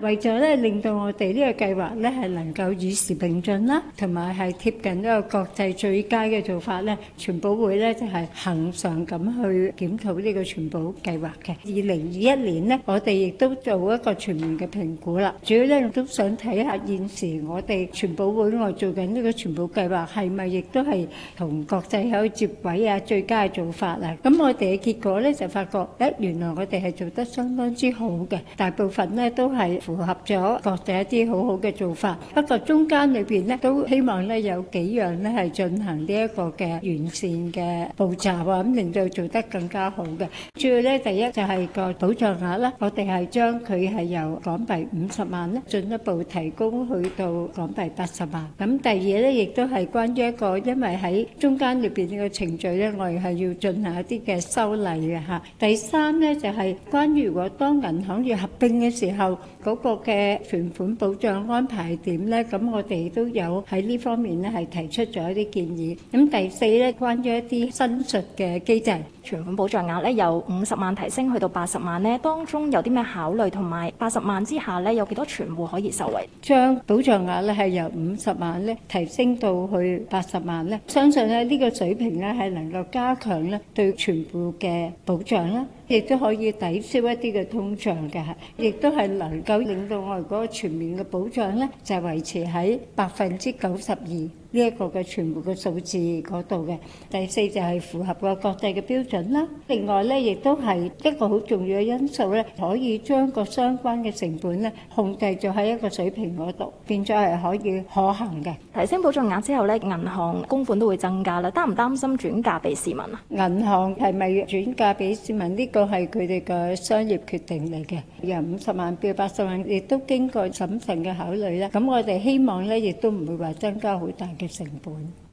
為咗咧令到我哋呢個計劃咧係能夠與時並進啦，同埋係貼近呢個國際最佳嘅做法咧，存保會咧就係恒常咁去檢討呢個存保計劃嘅。二零二一年呢，我哋亦都做一個全面嘅評估啦，主要咧都想睇下現時我哋存保會我做緊呢個存保計劃係咪亦都係同國際有接軌啊，最佳嘅做法啊。咁我哋嘅結果咧就發覺，誒，原來我哋係做得相當之好嘅，大部分咧都係。符合咗各地一啲好好嘅做法，不過中間裏邊咧都希望咧有幾樣咧係進行呢一個嘅完善嘅步驟啊，咁令到做得更加好嘅。主要咧第一就係個保障額啦，我哋係將佢係由港幣五十萬咧進一步提供去到港幣八十萬。咁第二咧亦都係關於一個，因為喺中間裏邊呢個程序咧，我哋係要進行一啲嘅修例嘅吓。第三咧就係關於如果當銀行要合併嘅時候嗰個嘅存款保障安排點咧？咁我哋都有喺呢方面咧，係提出咗一啲建議。咁第四咧，關於一啲新出嘅機制，存款保障額咧由五十萬提升去到八十萬咧，當中有啲咩考慮同埋八十萬之下咧，有幾多存戶可以受惠？將保障額咧係由五十萬咧提升到去八十萬咧，相信咧呢個水平咧係能夠加強咧對存戶嘅保障啦。亦都可以抵消一啲嘅通脹嘅，亦都係能夠令到我哋嗰個全面嘅保障咧，就維持喺百分之九十二。呢一個嘅全部嘅數字嗰度嘅第四就係符合個國際嘅標準啦。另外呢，亦都係一個好重要嘅因素呢，可以將個相關嘅成本呢控制咗喺一個水平嗰度，變咗係可以可行嘅。提升保障額之後呢，銀行供款都會增加啦。擔唔擔心轉嫁俾市民啊？銀行係咪轉嫁俾市民？呢個係佢哋嘅商業決定嚟嘅。由五十萬變八十萬，亦都經過審慎嘅考慮啦。咁我哋希望呢，亦都唔會話增加好大嘅成本。